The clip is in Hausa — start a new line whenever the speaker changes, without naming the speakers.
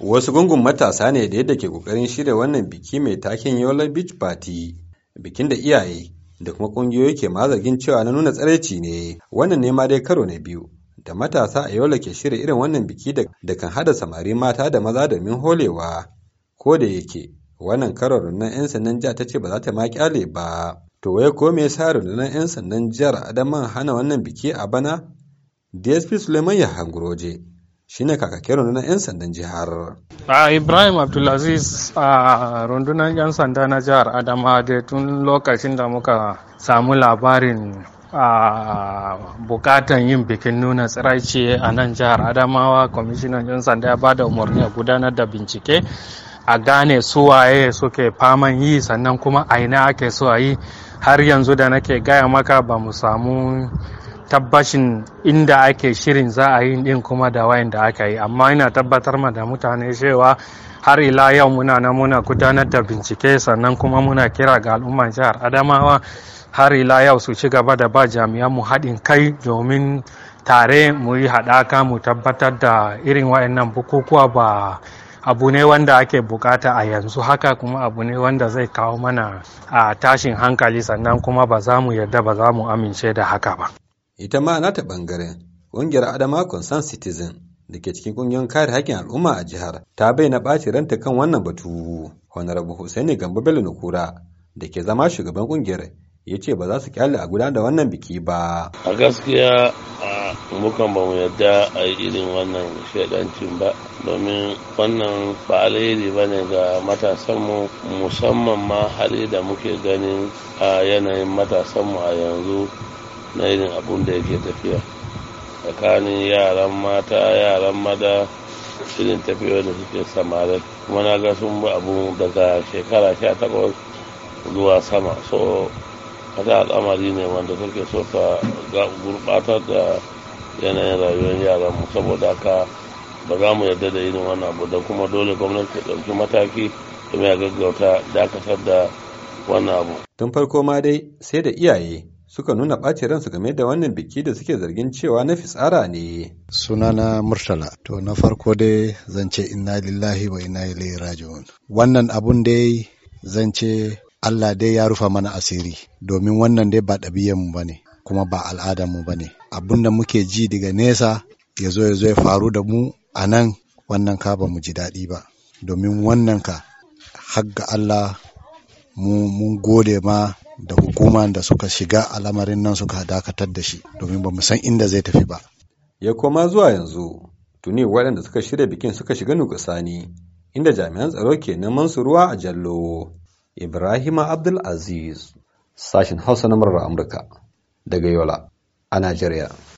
wasu gungun matasa ne da yadda ke kokarin shirya wannan biki mai takin yola beach party bikin da iyaye da kuma kungiyoyi ke mazargin cewa na nuna tsaraici ne wannan ne ma dai karo na biyu da matasa a yola ke shirya irin wannan biki da kan hada samari mata da maza domin holewa ko da yake wannan karo rundunar 'yan sandan jiya ta ce ba za ta ma kyale ba to wai ko me yasa rundunar 'yan sandan jihar adaman hana wannan biki a bana dsp suleiman ya hangroje shine kakakin rundunar 'yan sandan jihar.
A Ibrahim Abdulaziz a rundunar 'yan sanda na jihar Adama da tun lokacin da muka samu labarin a bukatan yin bikin nuna tsiraici a nan jihar Adamawa kwamishinan 'yan sanda ya bada umarni a gudanar da bincike a gane suwaye suke faman yi sannan kuma aina ake so yi har yanzu da nake gaya maka ba mu samu tabbashin inda ake shirin za a yi din kuma da wayan da aka yi amma ina tabbatar ma da mutane cewa har ila yau muna na muna gudanar da bincike sannan kuma muna kira ga al'ummar jihar adamawa har ila yau su ci gaba da ba jami'an mu haɗin kai domin tare mu yi haɗaka mu tabbatar da irin wayannan bukukuwa ba abu ne wanda ake bukata a yanzu haka kuma abu ne wanda zai kawo mana a tashin hankali sannan kuma ba za mu yarda ba za mu amince da haka ba ita ma nata
ɓangaren ƙungiyar adama concern citizen da ke cikin ƙungiyar kare haƙƙin al'umma a jihar ta bayyana ɓaci ranta kan wannan batu honorable Hussaini gambo bello na kura da ke zama shugaban ƙungiyar ya ce ba za su kyale a gudanar da wannan biki ba
a gaskiya mukan ba mu yarda a yi irin wannan shaidancin ba domin wannan ba alheri ba ne ga matasanmu musamman ma hali da muke ganin a yanayin matasanmu a yanzu na irin abun da yake tafiya tsakanin yaran mata yaran mada irin tafiya da suke samarin kuma na ga sun bi abu daga shekara sha takwas zuwa sama so wata al'amari ne wanda suke so ta gurbatar da yanayin rayuwar yaran mu saboda haka ba za mu yarda da irin wannan abu da kuma dole gwamnati ta ɗauki mataki domin a gaggauta dakatar da wannan
abu tun farko ma dai sai da iyaye suka nuna ɓacin ransu game da wannan biki da suke zargin cewa na fitsara ne.
Sunana Murtala, to na farko dai zan ce inna lillahi wa inna ilaihi raji'un. Wannan abun dai zan ce Allah dai ya rufa mana asiri domin wannan dai ba ɗabi'anmu ba ne kuma ba al'adarmu ba ne. Abun da muke ji daga nesa ya zo ya zo ya faru da mu a nan wannan ka ba mu ji daɗi ba domin wannan ka har ga Allah mu mun gode ma da hukuma da suka shiga a lamarin nan suka dakatar da shi domin ba san inda zai tafi ba.
Ya koma zuwa yanzu tuni waɗanda suka shirya bikin suka shiga nukusani inda jami'an tsaro ke neman su ruwa a jallo. Ibrahima Abdul Aziz, sashin Hausa na murar Amurka daga Yola a Najeriya.